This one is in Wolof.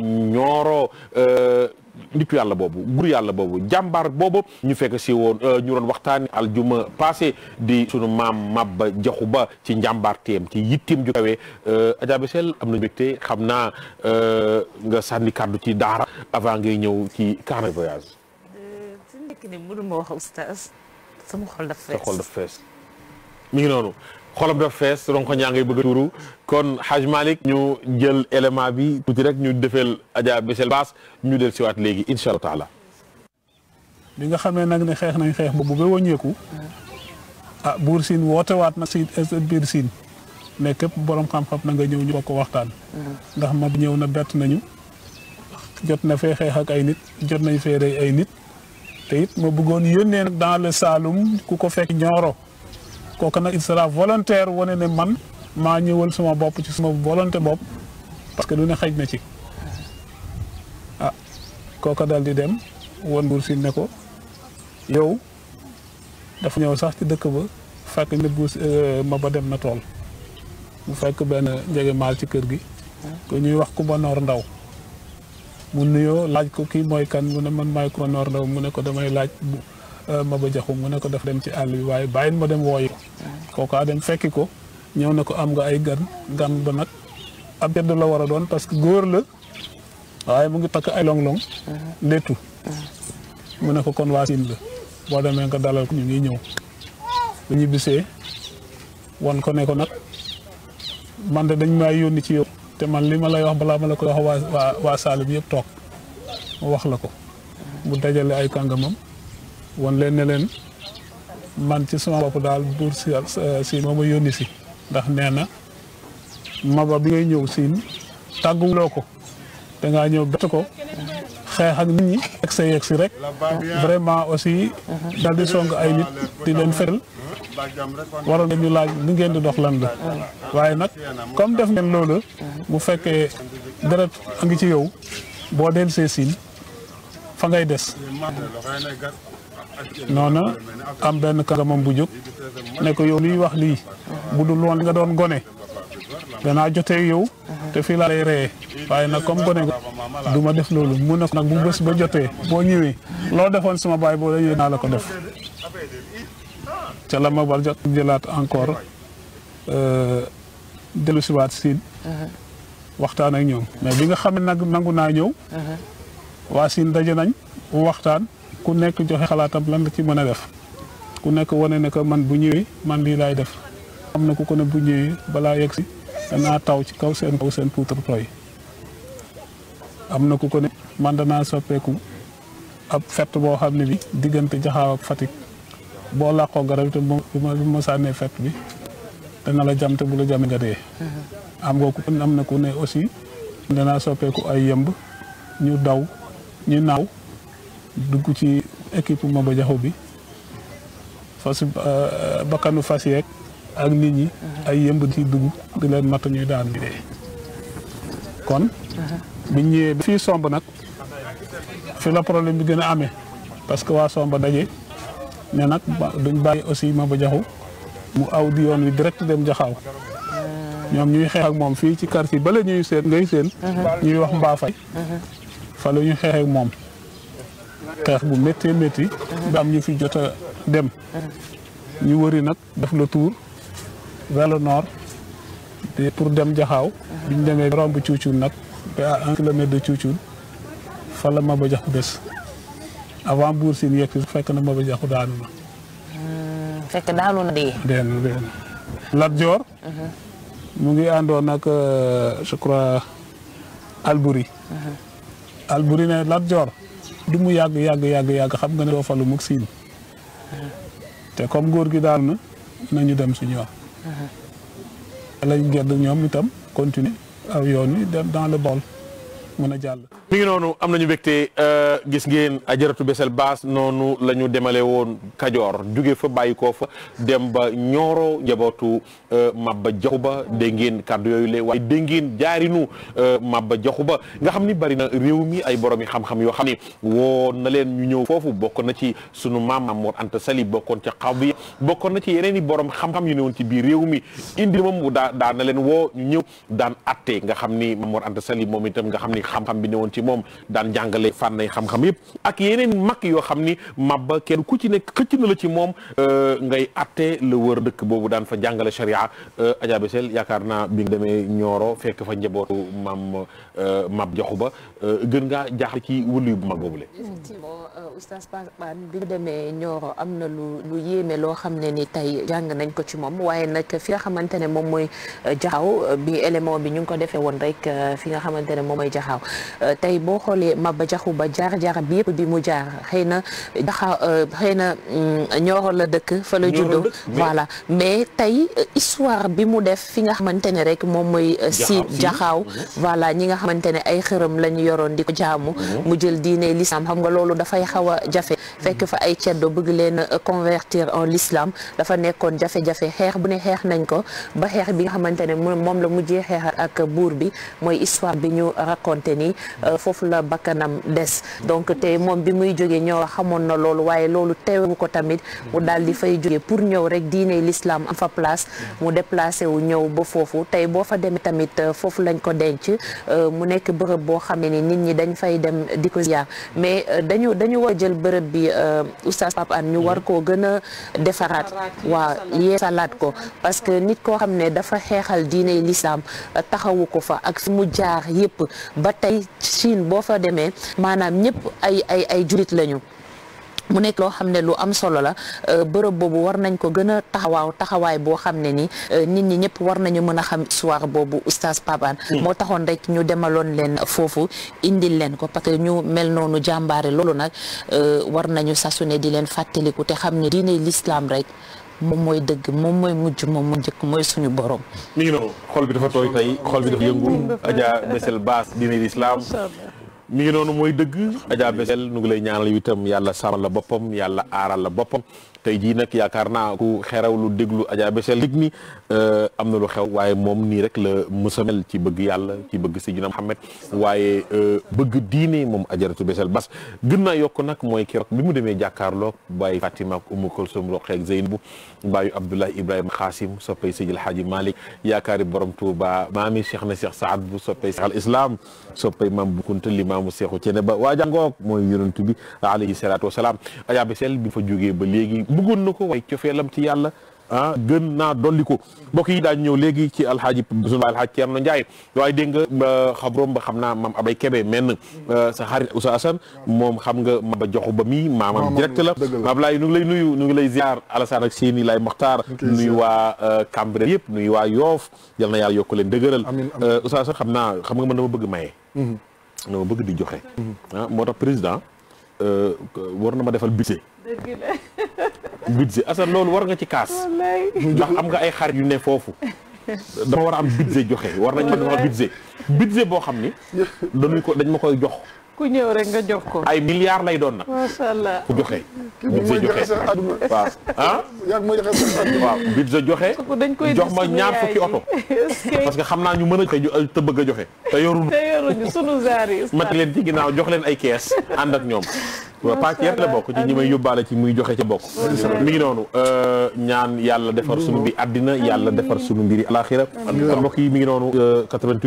ñooro euh, nitu yàlla boobu gur yàlla boobu jàmbaar boobu ñu fekk si woon euh, ñu doon waxtaani aljuma passé di sunu maam Maba Jaxu Ba ci njàmbaar teem ci yittim ju kawee euh, Adja Bessel am na mbégte xam naa nga sànni kàddu ci daara avant ngay ñëw ci carnet voyage mu nekk nii mënuma wax oustaz mi noonu xolam dafa fees ronko ñaa ngay bëgg a tuuru kon Haj Malick ñu jël élément bi tuuti rek ñu defeel ajaa Bessél Baas ñu del siwaat léegi incha allah taala bi nga xamee nag ne xeex nañ xeex boobu ba wàññeeku hmm. ah buur siin woote waat na si biir siin ne képp borom xam-xam na nga ñëw ñu ko waxtaan hmm. ndax ma ñëw na bett nañu jot na fee xeex ak ay nit jot nañ fee rey ay nit te it buggoon bëggoon yónnee dans le saalum ku ko fekk ñooro kooku nag il sera volontaire wane ne man maa ñëwal suma bopp ci suma volonté bopp parce que lu ne xëj na ci ah kooka dal di dem won buur si ne ko yow dafa ñëw sax ci dëkk ba fekk ne buur euh, ma ba dem na tool mu fekk benn njege maal ci kër gi ko ñuy wax ku ba noor ndaw mu nuyoo laaj ko kii mooy kan mu ne man maay ku noor ndaw mu ne ko damay laaj Euh, ba Jaxu mu ne ko def dem ci àll bi waaye bàyyil ma dem wooyi ko kooka dem fekki ko ñëw na ko am nga ay gan gan ba nag ab jedd la war a doon parce que góor la waaye mu ngi takk ay long-long léttu mu ne ko kon waa Siin la boo demee nga dalal ko ñu ngi ñëw ñibbisee ñu wan ko ne ko nag man de dañ maa yónni ci yow te man li ma lay wax balaa ma la ko wax waa waa Saalum yëpp toog mu wax la ko mu dajale ay kàngamam won leen ne leen man ci sama bopp daal buur si eh, si moo ma yónni si ndax nee na maba bi ngay ñëw siin tàgguloo ko dangaa ñëw bett ko xeex ak nit ñi ak sa yegg si rek vraiment aussi dal di song ay nit di leen fetal waroon ngeen ñu laaj li ngeen di dox lan la waaye nag comme def ngeen loolu bu fekkee deret a ngi ci yow boo del see siin fa ngay des noona am benn kàngamam bu jóg nekk ko yow luy wax lii bu dul woon nga doon gone danaa jotee yow te fii laa lay waaye nag comme gone du ma def loolu mu ne nag bu bés ba jotee boo ñëwee loo defoon sama baay boo la naa la ko def ca la jot jëlaat encore euh, dellu siwaat siin waxtaan ak ñoom mais bi nga xam nangu naa ñëw uh-huh. waa siin daje nañ waxtaan ku nekk joxe xalaatam lan la ci mën a def ku nekk wane ne que man bu ñëwee man lii laay def am na ku ko ne bu ñëwee balaa yegg si danaa taw ci kaw seen kaw seen poutre tooy am na ku ko ne man danaa soppeeku ab fett boo xam ne bi diggante jaxaaw ak boo làqoo garab te bu ma bu ma sànnee fett bi dana la jam te bu la jamee nga dee mm-hmm. am na ku ne aussi danaa soppeeku ay yëmb ñu daw ñu naaw dugg ci équipe Maba Diakhou bi fas euh, bakkanu fas yeek ak nit ñi. Uh-huh. ay yëmb ci dugg di leen mat ñuy daan kon. Uh-huh. biñ ñëwee fii somb nag fi la problème bi gën a amee parce que waa somb daje ne nag duñ bàyyi aussi ma Maba jaxu mu aw di yoon wi direct dem jaxaaw uh-huh. ñoom ñuy xeex moom fii ci quartier bala ñuy seen ngay seen. ñuy wax Mbaa Fay fa ñuy xeex moom. xeex bu méttee métti ba am ñu fi jot a dem ñu wëri nag def le tour vers le nord pour dem jaxaw bi ñu demee romb cuucuun nag ba à un kilomètre de cuucuun fa ba Maba Jaxu des avant buur siin yegg si fekk na ba Jaxu daanu na hmm, fekk daanu na dee mu ngi àndoon nag euh, je crois Alburi hmm. Alburi ne Lat Joor du mu yàgg yàgg yàgg yàgg xam nga ne doo falu mukk siin te comme góor gi daal na na ñu dem suñu yoon lañ gedd ñoom itam continuer aw yoon wi dem dans le bol mën a jàll mi ngi noonu am nañu mbégte euh, gis ngeen ajaratu Bessél Baas noonu la ñu demale woon Kajoor jóge fa bàyyi koo fa dem ba Ñooro njabootu euh, Maba Jaxu Ba dégg ngeen kàddu yooyu la waaye dégg ngeen jaarinu euh, Maba Jaxu Ba nga xam ni bari na réew mi ay borom yi xam-xam yoo xam ni woon na leen ñu ñëw foofu bokk na ci sunu maam Mor Anta Sali bokkon ca xaw bi bokkoon na ci yeneen i borom xam-xam yu ne woon ci biir réew mi indi moom daa daan na leen woo ñu ñëw daan atte nga xam ni Mor Anta Sali moom itam nga xam ni xam-xam bi ne ci ci moom daan jàngale fànnay xam-xam yëpp ak yeneen mag yoo xam ni mabba kenn ku ci nekk xëcc na la ci moom euh, ngay atte la wër dëkk boobu daan fa jàngale sharia euh, Adja Besel yaakaar naa bi demee ñooro fekk fa njabootu maam euh, mab joxu ba gën ngaa jaaxle ci wëluyu bu mag boobu le effectivement oustaz Pape bi nga demee Nioro am na lu lu yéeme loo xam ne ni tey jàng nañ ko ci moom waaye nag fi nga xamante ne moom mooy jaxaw bi élément bi ñu ngi ko defee woon rek fi nga xamante ne moom mooy jaxaw tey boo xoolee Maba Diakhou Ba jaar-jaaram bi yëpp bi mu jaar xëy na daxa euh, xëy na mm, Nioro la dëkk fa la juddoo voilà mais tey euh, histoire bi mu def fi nga xamante ne rek moom mooy si euh, jaxaaw mhm. voilà ñi nga xamante ne ay xërëm la ñu yoroon di ko jaamu mhm. mu jël diine l'islam xam nga loolu dafay xaw a jafe fekk fa ay ceddo bëgg leen convertir en lislaam dafa nekkoon jafe-jafe xeex bu ne xeex nañ ko ba xeex bi nga xamante moom la mujjee xeex ak buur bi mooy histoire bi ñu raconté foofu la bakkanam des donc te moom bi muy jógee ñoo xamoon na loolu waaye loolu teewu ko tamit mu daal di fay jógee pour ñëw rek diine lislaam am fa place mu déplacé wu ñëw ba foofu tey boo fa demee tamit euh, foofu lañ ko denc euh, mu nekk bërëb boo xam ne ni nit ñi dañ fay dem di ko ziar mais euh, dañu dañu war a jël bërëb bi oustaz Pape Hann ñu war koo gën a defaraat waaw yee salaat ko parce que nit koo xam ne dafa xeexal diine l'islam taxawu ko fa ak fi mu jaar yépp ba Chine boo fa demee maanaam ñëpp ay ay ay jullit lañu. mu nekk loo xam ne lu am solo la euh, bërëb boobu war nañ ko gën a taxawaaw taxawaay boo xam ne ni euh, nit ñi ñëpp war nañu mën a xam histoire boobu oustaz Pape hmm. moo taxoon rek ñu demaloon leen foofu indil leen ko parce que ñu mel noonu jàmbaare loolu nag euh, war nañu sasune di leen fàttaliku te xam ne diine l'islam rek moom mooy dëgg moom mooy mujj moom mu njëkk mooy suñu borom. mi ngi noonu xol bi dafa tooy tey xol bi dafa yëngu Adja Bessél Baas diine lislaam mi ngi noonu mooy dëgg Adja Bessél nu ngi lay ñaanal yu itam yàlla sàmmal la boppam yàlla aaral la boppam tey jii nag yaakaar naa ku xeraw lu déglu Adja Béchel lig ni euh, am na lu xew waaye moom nii rek la mësamel ci bëgg yàlla ci bëgg Seydina Muhammad waaye euh, bëgg diine moom Adjaratu Béchel Bass gën na yokk nag mooy keroog bi mu demee jàkkaarloog bàyyi Fatima ak Umu Kulsum Roqee ak Zeynbu bàyyu Ibrahima Xaasim soppay Seydil Xaaji Malick yaakaari borom Touba maami Cheikh na Cheikh Saad bu soppay Cheikh al Islam soppay maam bu Kunta limaamu Seexu Cene ba waa jàngoog mooy yonent bi alayhi salaatu wasalaam Adja Béchel fa jógee ba léegi bëggoon na ko waaye cofeelam ci yàlla ah gën naa dolli ko mbokk yi daañu ñëw léegi ci alxaaji sunu alxaaji Thierno Ndiaye waaye dégg nga xabrom ba xam naa maam Abay Kebe menn mm. ah, sa xarit Ousa Assane mm. moom xam nga ma ba joxu ba mi maamam direct la Ablaye nu ngi lay nuyu nu ngi lay ziar Alassane ak Séni lay Moxtaar nuyu waa ah, Cambre yëpp nuyu waa Yoof yal na yàlla yokk leen dëgëral ah, Ousa Assane xam naa xam nga man dama bëgg maye mm-hmm. dama bëgg di joxe mm-hmm. ah moo tax président war na ma defal budget budget Assane loolu war nga ci kaas. ndax am nga ay xarit yu ne foofu. dama war a am budget joxe war nañ ma jox budget. budget boo xam ni. dañuy ko dañ ma koy jox. ku ñëw rek nga jox ko. ay milliards lay doon nag. macha allah ku joxe. budget joxe waaw ah. yaa ngi may joxe seen àdduna. waaw budget joxe. dañ koy jox ma ñaar fukki oto. parce que xam naa ñu mën a. te bëgg a joxe te yorul. yaruñu sunu zaari mat leen ci ginnaaw jox leen ay kees ànd ak ñoom waaw paak yat la bokk ci ñi may yóbbaale ci muy joxe ca bokk mi ngi noonu euh, ñaan yàlla defar sunu bi àddina yàlla defar sunu mbiri alaxira kon mbokk yi mi ngi noonu euh,